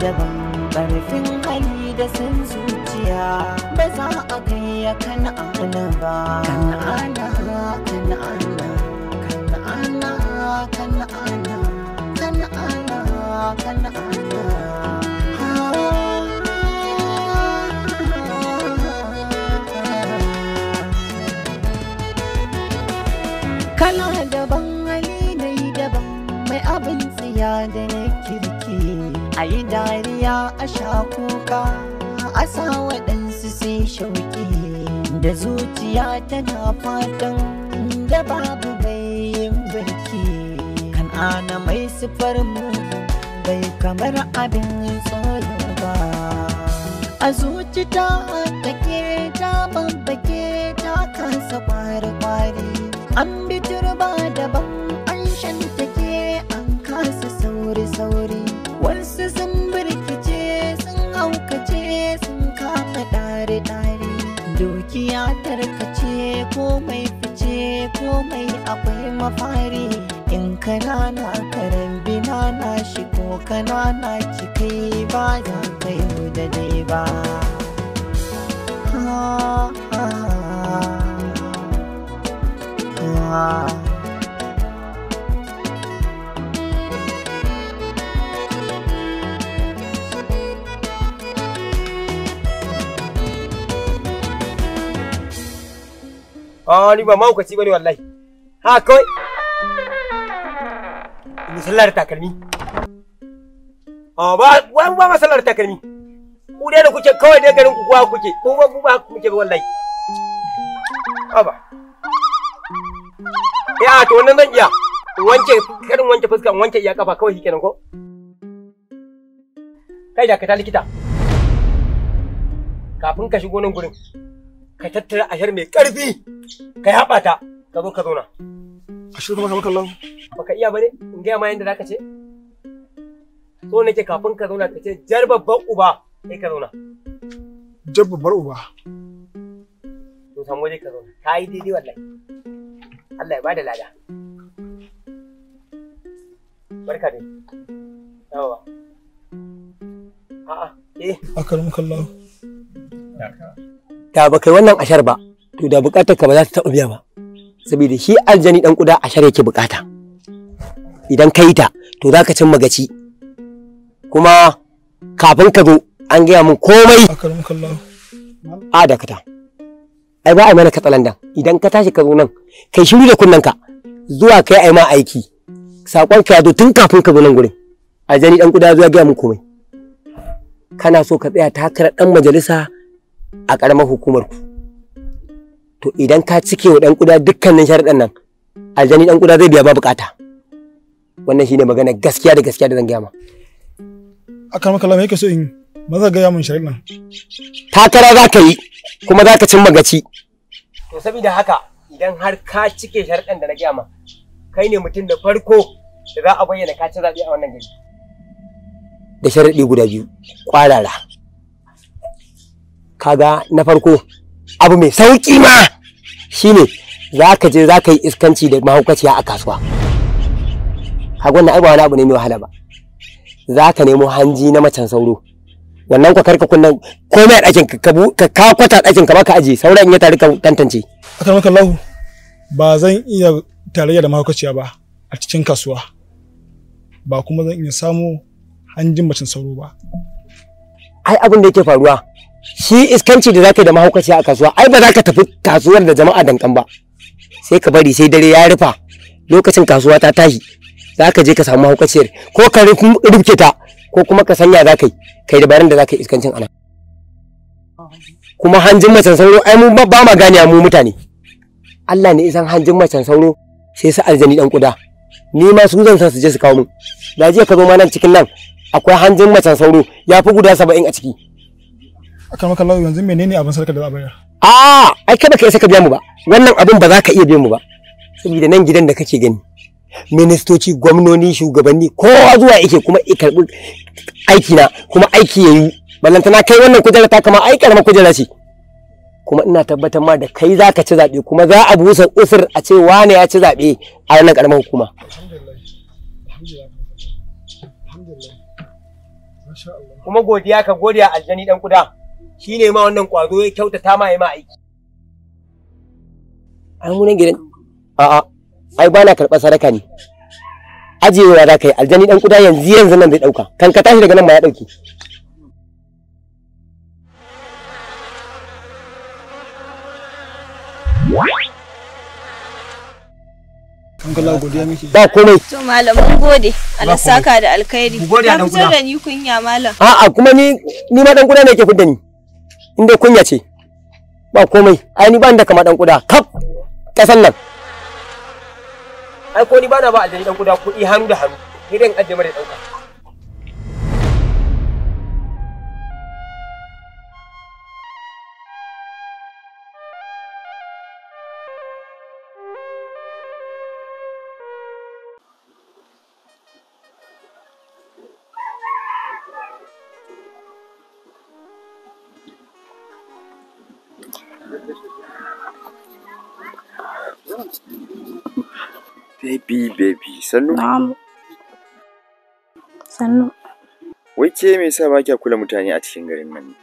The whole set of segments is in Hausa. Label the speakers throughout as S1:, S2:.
S1: devil. a yi dariya a sha kuka a sa waɗansu sai shauƙi da zuciya tana fatan da babu bayin barki kan ana mai sifar mu bai kamar abin tsoro ba a zuci ta take ta babbake ta kansa kwari-kwari an bi turba daban an ke, an kasa sauri-sauri wasu sun birkice sun haukace sun kama ɗare-ɗare dukiya tarkace komai fice komai akwai mafari in kanana karambi bina na shigo kanana kike ba da ka yau da dai ba
S2: a ah, ni ba mahaukaci bane wallahi ha kawai ni sallar takalmi a ah, ba ba ba sallar takalmi ku dai da kuke kawai dai garin ku kuwa kuke ku ba ku ba kuke wallahi aba ya eh, ah, to wannan zan iya wanke karin wanke fuska wanke iya kafa kawai shikenan ko kai da ka ta likita kafin ka shigo nan gurin ka tattara ashar mai karfi. Kai haɓa ta ka zo ka zauna a shirin maka makallon. kallon baka iya bane in gaya ma yadda ka ce so nake kafin ka zauna ka ce jar babban uba kai ka zauna
S3: jar babbar uba
S2: to san waje ka zauna ta yi daidai wallahi Allah ya bada lada barka dai yawa
S3: a'a eh Akalmukallon. ta ba kai wannan
S2: ashar ba to da bukatar ka ba za ta taɓa biya ba saboda shi aljani dan kuda a share yake bukata idan ka yi ta to za ka cin magaci kuma kafin ka zo an gaya min komai a dakata ai ba a mana katsalandan idan ka tashi ka zo nan kai shiru da ka zuwa kai ai ma aiki sakon ka zo tun kafin ka zo nan gurin aljani dan kuda zuwa gaya min komai kana so ka tsaya takarar dan majalisa a ƙaramar hukumar ku to idan ka cike wa dan kuda dukkanin sharaɗan nan aljani dan kuda zai biya ba bukata wannan shine magana gaskiya da gaskiya da zan gaya ma
S3: akan maka me yake so in maza gaya mun sharaɗin nan takara za ka yi
S2: kuma za ka cin magaci to saboda haka idan har ka cike sharaɗan da na gaya ma kai ne mutum da farko da za a bayyana ka ci zaɓe a wannan gari da sharaɗi guda biyu ƙwarara kaga na farko abu mai sauki ma shine za ka je za ka yi iskanci da mahaukaciya a kasuwa kaga na ai ba wani abu ne mai wahala ba za ka nemo hanji na macen sauro wannan ka karka kunnan komai a ɗakin ka ka kwata ɗakin ka baka aje sauran ya tare ka tantance
S3: kan maka lahu ba zan iya tarayya da mahaukaciya ba a cikin kasuwa ba kuma zan iya samu hanjin macen sauro ba
S2: ai abin da yake faruwa shi iskanci da zaka yi da mahaukaci a kasuwa ai ba za ka tafi kasuwar da jama'a dankan ba sai ka bari sai dare ya rufa lokacin kasuwa ta tashi za ka je ka samu mahaukaciyar ko ka rufke ta ko kuma ka sanya za ka yi kai dabarun da za ka yi iskancin ana kuma hanjin macen sauro ai mu ba ma gane mu mutane Allah ne isan hanjin macen sauro sai su aljani dan kuda ni ma su zan san su je su kawo mu da jiya ka zo ma nan cikin nan akwai hanjin macen sauro ya fi guda saba'in a ciki
S3: akan maka lau yanzu menene abin sarka da za a bayar ah
S2: ai kada ka biya mu ba wannan abin ba za ka iya biya mu ba saboda nan gidan da kake gani ministoci gwamnoni shugabanni kowa zuwa yake kuma i karbi aiki na kuma aiki yayi ballantana kai wannan kujera ta kama ai karma kujera ce kuma ina tabbatar ma da kai za ka ci zaɓe kuma za a busa usur a ce wane ya ci zaɓe a wannan ƙaramin hukuma. Kuma godiya ka godiya aljani ɗan kuda. shi ne ma wannan kwazo ya kyautata ma ya ma aiki. An munan gidan a'a ai ba na karɓar sadaka ne. Ajiyewa za ka yi aljani ɗan kuda yanzu yanzu nan zai ɗauka kan ka tashi daga nan ma ya ɗauki.
S3: Ba komai.
S1: To malam mun gode. Allah saka da alkhairi. Gode a kunya. Ka fitar da ni kunya malam.
S2: A'a kuma ni ni ma dan kuda ne ke fidda ni. in dai kunya ce ba komai ai ni ba da kama dan kuda kaf kasan nan ai ko ni ba na ba aljani dan kuda kuɗi hannu da hannu ni dan aljama da dauka
S4: Sannu? Na'am. Sannu. Wai ke me yasa ba kya kula mutane a cikin garin nan?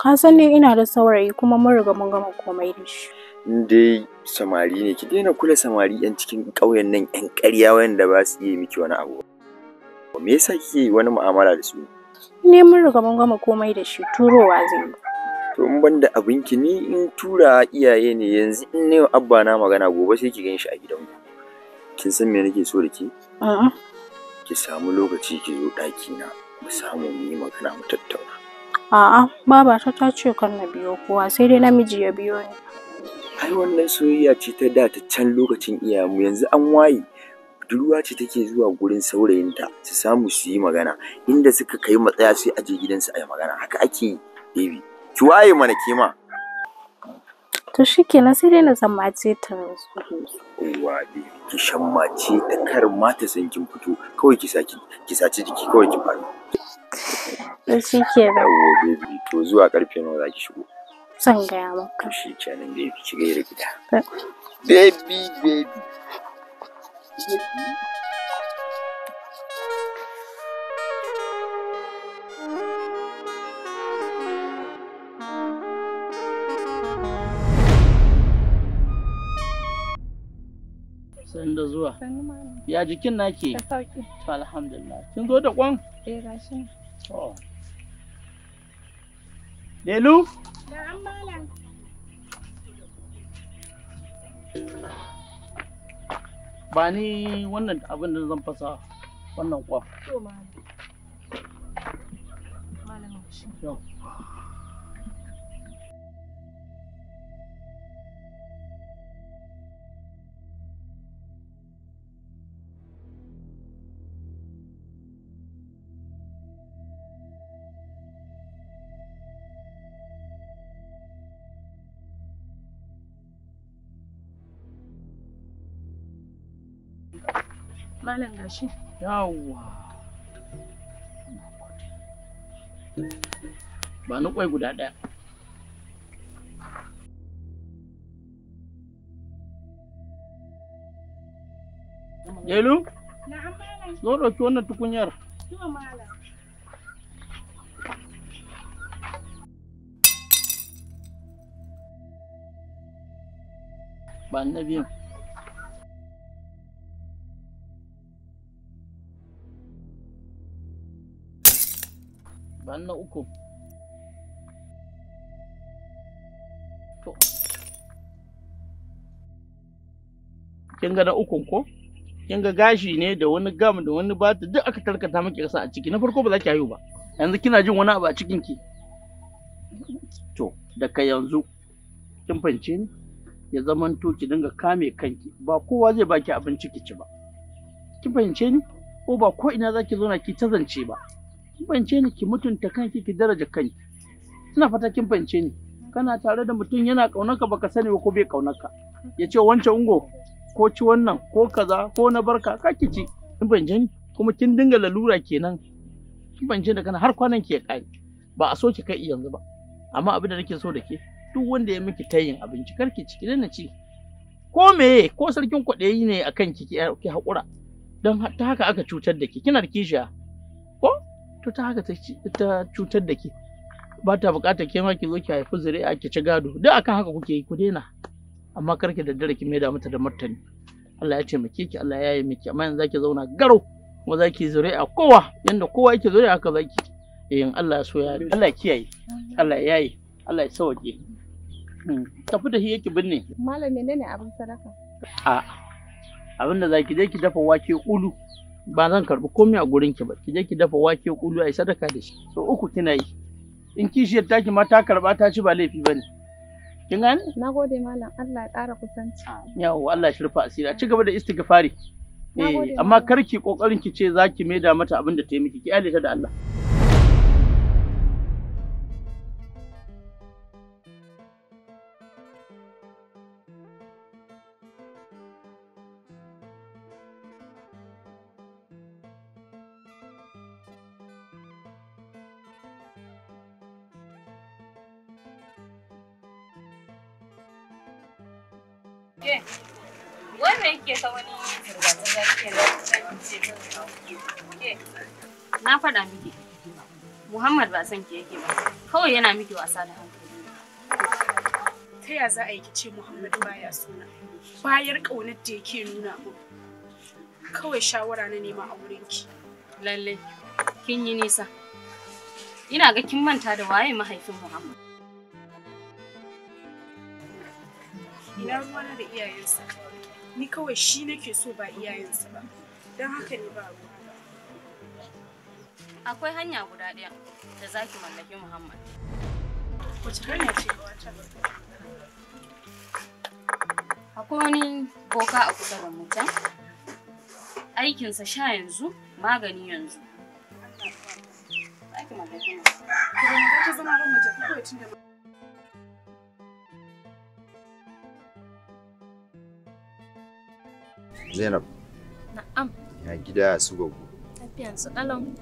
S4: Ka san ne ina da saurayi kuma mun riga mun gama komai da shi. Dai samari ne ki daina kula samari yan cikin ƙauyen nan yan ƙarya wanda ba su yi miki wani abu. Me yasa kike wani mu'amala da su? Ne mun riga mun gama komai da shi turowa zai yi. To in banda abinki ni in tura iyaye ne yanzu in ne abba na magana gobe sai ki gan shi a gidanku. kin san me nake so da ke? A'a. Ki samu lokaci ki zo ɗaki na mu samu mu yi magana mu tattauna. A'a, baba ta ta ce kan na biyo kowa sai dai namiji ya biyo ni. Ai wannan soyayya ce ta da ta can lokacin iyayenmu yanzu an waye. budurwa ce take zuwa gurin saurayinta su samu su yi magana inda suka kai matsaya sai aje gidansu a yi magana haka ake yi baby ki waye mana kima
S1: to shikenan sai dai na mace ta yawa
S4: ki shammace ta kar ma ta san kin fito kawai ki saki ki saci jiki kawai ki faru to shikenan baby to zuwa karfe nawa zaki shigo ga ya maka shi kenan baby ki gaira gida baby baby
S5: ya jikin nake to alhamdulillah kin zo da kwan eh gashi to Lelu? Da an malam. Ba ni wannan abin da zan fasa wannan kwan.
S3: To malam.
S1: Malam shi. Yau.
S3: malam gashi yawwa
S5: ba ni kwai guda ɗaya Jelu? Zo ɗauki wannan tukunyar. Ba na biyan. bani na uku to kin ga na ukun ko kin ga gashi ne da wani gam da wani bata duk aka tarkata miki rasa a ciki na farko ba za ki hayo ba yanzu kina jin wani abu a cikin ki to daga yanzu kin fahimce ni ya zamanto ki dinga kame kanki ba kowa zai baki abinci ki ci ba kin fahimce ni ko ba ko ina zaki zauna ki ta zance ba kin fance ni ki mutunta kanki ki daraja kanki ina fata kin fance ni kana tare da mutum yana kaunarka baka sani ba ko bai kaunarka ya ce wancan ungo ko ci wannan ko kaza ko na barka ka ki ci kin fance ni kuma kin dinga lalura kenan kin fance da kana har kwanan ki ya kai ba a so ki kai yanzu ba amma abin da nake so da ke duk wanda ya miki tayin abinci kar ki ci ki daina ci ko meye ko sarkin kwaɗayi ne akan ki ki haƙura don ta haka aka cutar da ki kina da kishiya ko to ta haka ta cutar da ke ba ta bukatar ke ma ki zo ki haifi zuri'a ki ci gado duk akan haka kuke yi ku daina amma kar ki daddare ki maida mata da martani Allah ya taimake ki Allah ya yi miki amma yanzu zaki zauna garau kuma zaki zuri'a kowa yanda kowa yake zuri'a haka zaki yin eh, Allah ya so ya Allah ya kiyaye Allah ya yi Allah ya sauke hmm. ta fita shi yake binne
S1: malam menene abin sadaka
S5: a abin da zaki je ki dafa wake ulu ba zan karbi komai a gurin ki ba ki je ki dafa wake kulu ai sadaka da shi so uku kina yi in kishiyar taki ma ta karɓa ta ci ba laifi bane kin gane na malam Allah ya ƙara kusanci yawo Allah ya shirfa asira. ci gaba da istighfari eh amma kar ki kokarin ki ce zaki maida mata abin da ta yi miki ki alita da Allah
S1: wannan yake ta wani
S4: na faɗa miki Muhammad ba san ki yake ba kawai yana miki wasa da hankali ta ya za a yi ce Muhammad baya suna bayar ƙaunar da yake nuna mu kawai shawara na nema a wurin ki.
S5: lalle kin yi nisa
S1: ina ga kin manta da waye mahaifin Muhammad
S4: ina ruwana da iyayensa ni kawai shi nake so ba iyayensa ba don haka ne ba ruwa akwai hanya guda ɗaya
S1: da za ki mallaki muhammad wace hanya ce ga wata
S5: akwai wani boka a kusa da mutum
S1: aikinsa sha yanzu magani yanzu
S3: zaki mallaki muhammad
S4: Zainab. Na'am. Ya gida ya su gugu.
S5: Tafiyan su ɗalan.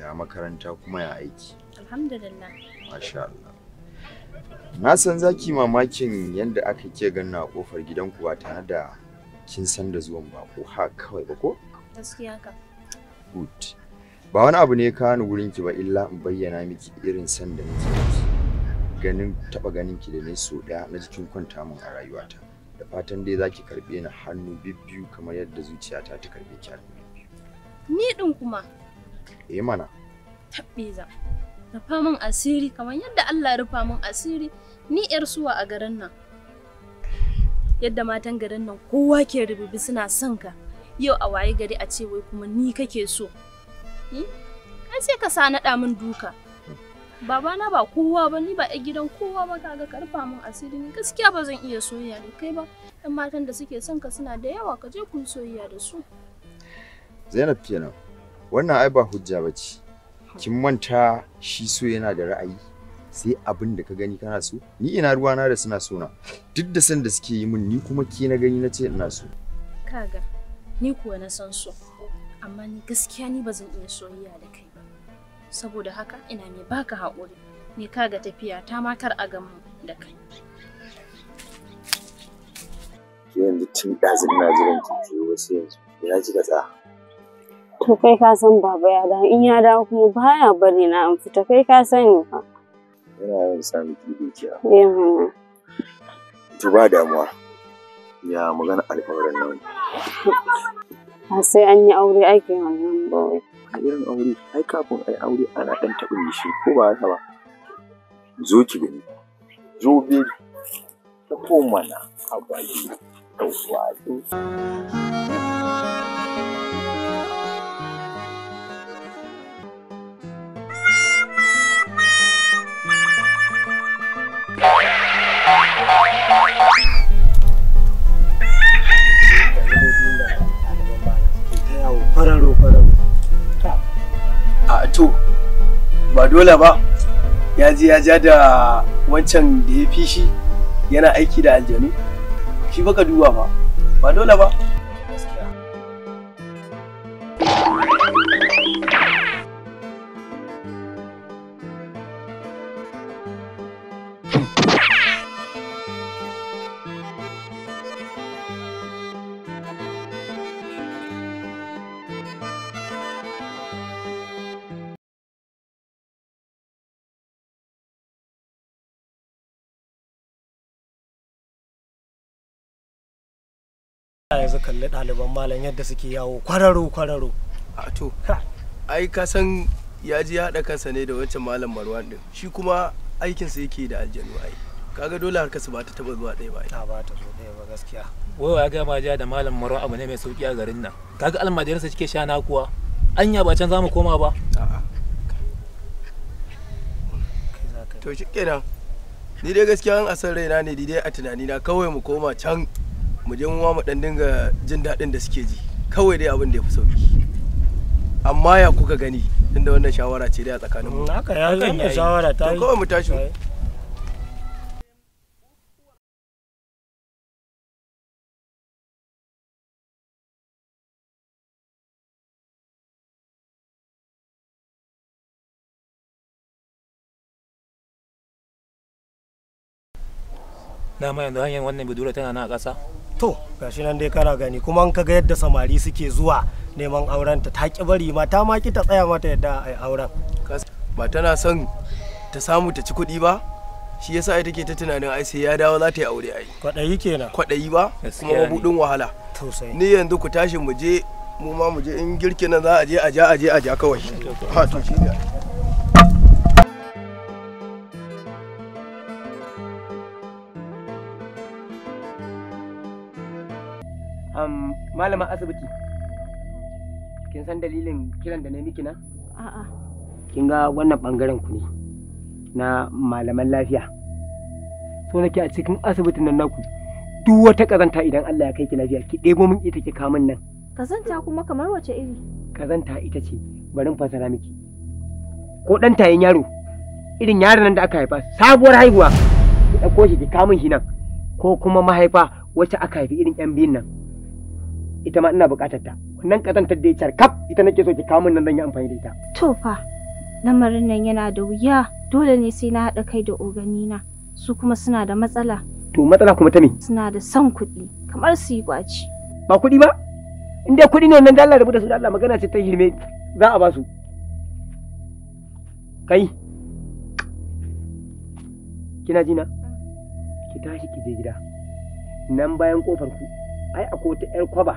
S4: Ya makaranta kuma ya aiki.
S5: Alhamdulillah.
S4: Masha Allah. Na san zaki mamakin yadda aka ke ganna a kofar gidanku ba tare da kin san da zuwan ba ko ha kawai ba ko? Gaskiya ka. Good. Ba wani abu ne ka ni wurin ki ba illa in bayyana miki irin san da nake ganin taba ganin ki da ne so ɗaya na jikin kwanta min a rayuwata. da fatan dai zaki karbe ni hannu bibbiyu kamar yadda zuciyata ta karbe ki hannu bibbiyu
S5: ni din kuma eh mana tabbeza rufa min asiri kamar yadda Allah ya rufa min asiri ni yar suwa a garin nan yadda matan garin nan kowa ke rububi suna son ka yau a waye gari a ce wai kuma ni kake so hmm? an sai ka sa naɗa min duka babana ba kowa ba ni ba a gidan kowa ba kaga karfa mun asiri ni gaskiya ba zan iya soyayya da kai ba ɗan matan da suke son ka suna da yawa ka je kun soyayya da su
S4: Zainab kenan wannan ai ba hujja ba ce kin manta shi so yana da ra'ayi sai abin da ka gani kana so ni ina ruwana da suna so duk da san da suke yi min ni kuma ke na gani na ina so kaga ni kuwa
S1: na san so amma ni gaskiya ni ba zan iya soyayya da kai saboda haka ina mai baka haƙuri ne kaga tafiya ta makar a gamu da kai
S4: yanzu tun ɗazin na jiran kifi wasu yanzu ina ji tsaya. to kai ka san baba ya dawo in ya dawo kuma baya bari na an fita kai ka sani ba. yana yin samun kifi kiya eh mana to ba damuwa ya magana alƙawarin nan sai an yi aure ake wannan bawai a irin aure ai kafin ai aure ana ɗan taɓin shi ko ba haka ba zo ki gani zo bi ta mana a baki ɗauwa
S1: Bye.
S3: ba dole ba ya je ya ja da wancan da ya fi shi yana aiki da aljanu shi baka duba ba ba dole ba kalli ɗaliban malam yadda suke yawo kwararo kwararo a to ai ka san ya ji haɗa kansa ne da wancan malam marwan din shi kuma aikinsa yake da aljanu ai kaga dole harka su ba ta taba zuwa ɗaya ba ta ba ta zo ɗaya ba gaskiya wai ya ga maja da malam marwan abu ne mai sauki a garin nan kaga almajiransa cike shana kuwa anya ba can za mu koma ba to shi kenan ni dai gaskiya an asan raina ne dai a tunanina kawai mu koma can mu je muwa mu dan dinga jin daɗin da suke ji kawai dai abin da ya fi sauki amma ya kuka gani tunda wannan shawara ce dai a tsakanin mu mm, haka ya zan shawara ta kawai mu tashi dama yanzu hanyar wannan budura tana na ƙasa to gashi nan dai kana gani kuma an kaga yadda samari suke zuwa neman aurenta ta ki bari mata ma ki ta tsaya mata yadda ai auren ba tana son ta samu ta ci kuɗi ba shi yasa ai take ta tunanin ai sai ya dawo za ta yi aure ai kwaɗayi kenan kwaɗayi ba kuma mabuɗin wahala ni yanzu ku tashi mu je mu ma mu je in girki nan za a je a ja a je a ja kawai ha to shi ne
S2: malama asibiti kin san dalilin kiran da na miki na a'a kin ga wannan bangaren ku ne na malaman lafiya so nake a cikin asibitin nan naku duk wata kazanta idan Allah ya kai ki lafiya ki ɗebo min ita ki kamun nan
S1: kazanta
S3: kuma kamar wace iri
S2: kazanta ita ce barin fasara miki ko dan tayin yaro irin yaron nan da aka haifa sabuwar haihuwa ki dauko shi ki kamun shi nan ko kuma mahaifa wacce aka haifi irin yan biyun nan ita ma ina buƙatar ta wannan kazantar da ya kaf ita nake so ki kawo min nan zan yi amfani da ita
S1: to fa lamarin nan yana da wuya dole ne sai na haɗa kai da oganina su kuma suna da matsala
S2: to matsala kuma ta me suna da son kuɗi kamar su yi kwaci ba kuɗi ba in dai kuɗi ne wannan da Allah rubuta su da Allah magana ce ta hirme za a ba su kai kina jina ki tashi ki je gida nan bayan kofar ku ai akwai wata 'yar kwaba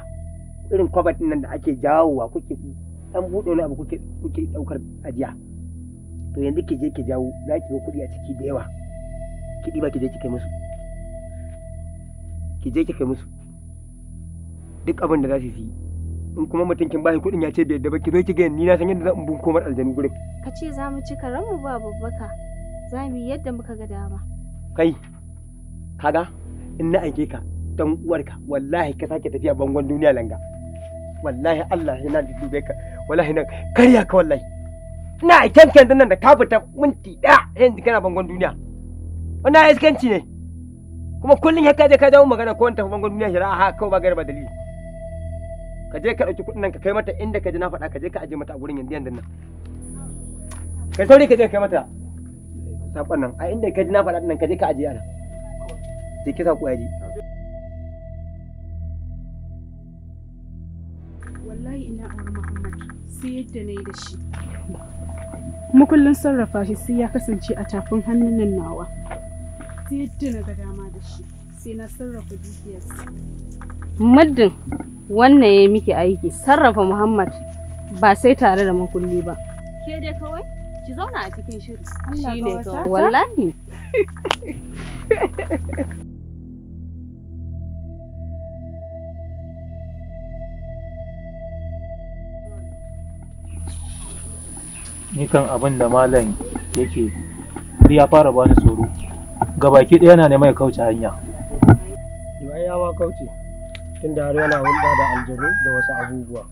S2: irin kwabat nan da ake jawowa kuke an buɗe wani abu kuke kuke ɗaukar ajiya to yanzu ki je ki jawo za ki ga kuɗi a ciki da yawa ki diba ki je ki kai musu ki je ki kai musu duk abin da za su yi in kuma mutum kin bashi kuɗin ya ce bai da ba ki zo ki ga ni na san yadda zan bin komar aljanu gurin
S1: ka ce za mu ci mu ba babbaka za mu yi yadda muka ga dama
S2: kai kaga in na aike ka dan uwarka wallahi ka sake tafiya bangon duniya langa wallahi Allah yana da dube ka wallahi nan karya ka wallahi ina aiken kan nan da ka fita minti daya yanzu kana bangon duniya wannan iskanci ne kuma kullun haka kaje ka dawo magana ko wanta bangon duniya shira ha kawai ba gari ba dalili ka je ka dauki kudin nan ka kai mata inda ka ji na faɗa ka je ka aje mata a gurin yanzu yanzu nan ka sauri ka je ka kai mata sakon nan a inda ka ji na faɗa nan ka je ka aje ana je kisa ku aje
S1: sai yadda na yi da shi
S4: kuma sarrafa shi sai ya kasance a tafin hannun nan nawa
S1: sai yadda na ga dama da shi sai na sarrafa dukiyar.
S4: muddin wannan ya miki aiki
S1: sarrafa muhammad ba sai tare da makulli ba ke dai kawai ki zauna a cikin shiri shi ne kawai wallahi
S3: ni kan abin da malam yake ya fara bani tsoro gabaki ɗaya na neman ya kauce hanya
S2: ya ya ba kauce da har yana hulɗa da aljanu da wasu abubuwa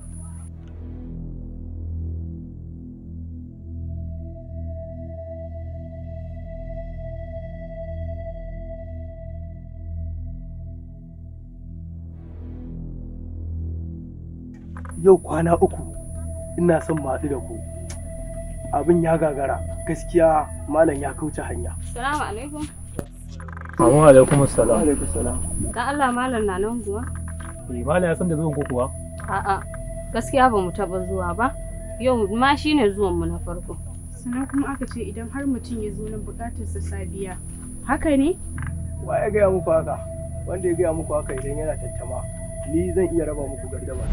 S3: yau kwana uku ina son maɗu da ku abin ya gagara gaskiya malam ya kauce hanya
S5: salamu alaikum
S3: amma alaikum salam. Alaikum salam.
S5: Dan Allah malam na nan guwa
S3: Eh malam ya san da zuwan ko kuwa?
S5: A'a. Gaskiya ba mu taba zuwa ba. Yau ma shine zuwan mu na farko.
S4: Sannan kuma aka ce idan har mutum ya zo nan bukatar sa sabiya.
S3: Haka ne? Wa ya gaya muku haka? Wanda ya gaya muku haka idan yana tattama. Ni zan iya raba muku gardama.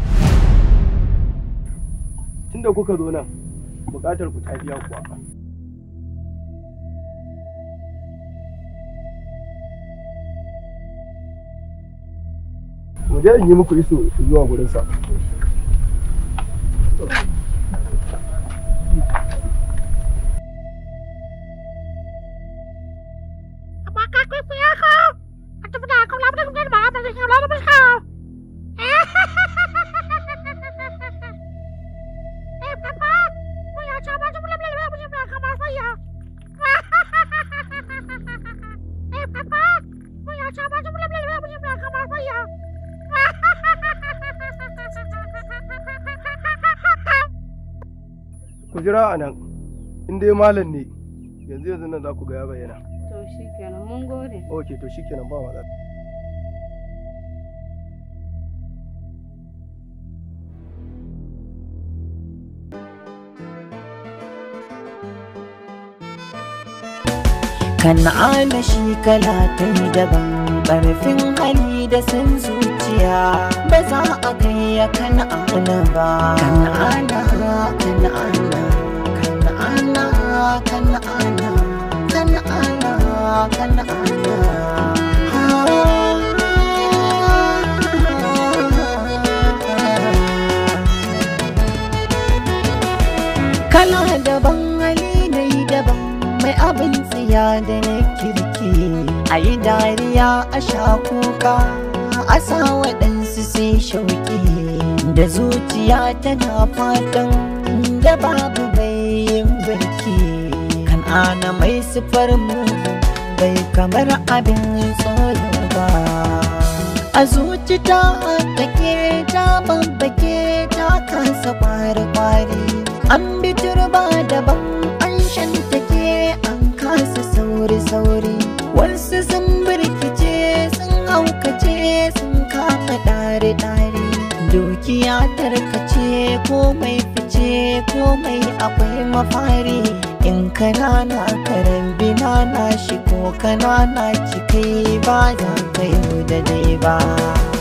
S3: Tunda kuka zo nan, buƙatar ku ta biya kuwa je in yi muku iso zuwa gurinsa Amma
S1: ka kwaikwaya ka, da labarin gani ba a labarin ka.
S3: jira a nan in dai malam ne yanzu yanzu nan za ku ga ya bayyana to shikenan mun gode okay to shikenan ba matsala
S1: kan'ana shi kalatin daban ƙarfin hali da san zuciya ba za a kai ya kan'ana ba kan'ana kan'ana kan'ana daban hali na daban mai abin tsiya da na kirki a yi dariya a sha kuka a sa waɗansu sai shauki da zuciya tana fatan da babu bai ana mai sifar mu bai kamar abin tsoro ba a zuci ta take ta babbake ta kasa kwari-kwari an bi turba daban an take an kasa sauri-sauri wasu sun birkice sun haukace sun kama dare-dare dukiya tarkace ko komai je komai akwai mafari in kanana karen binana shi ko kanana cikai ba da kai da dai ba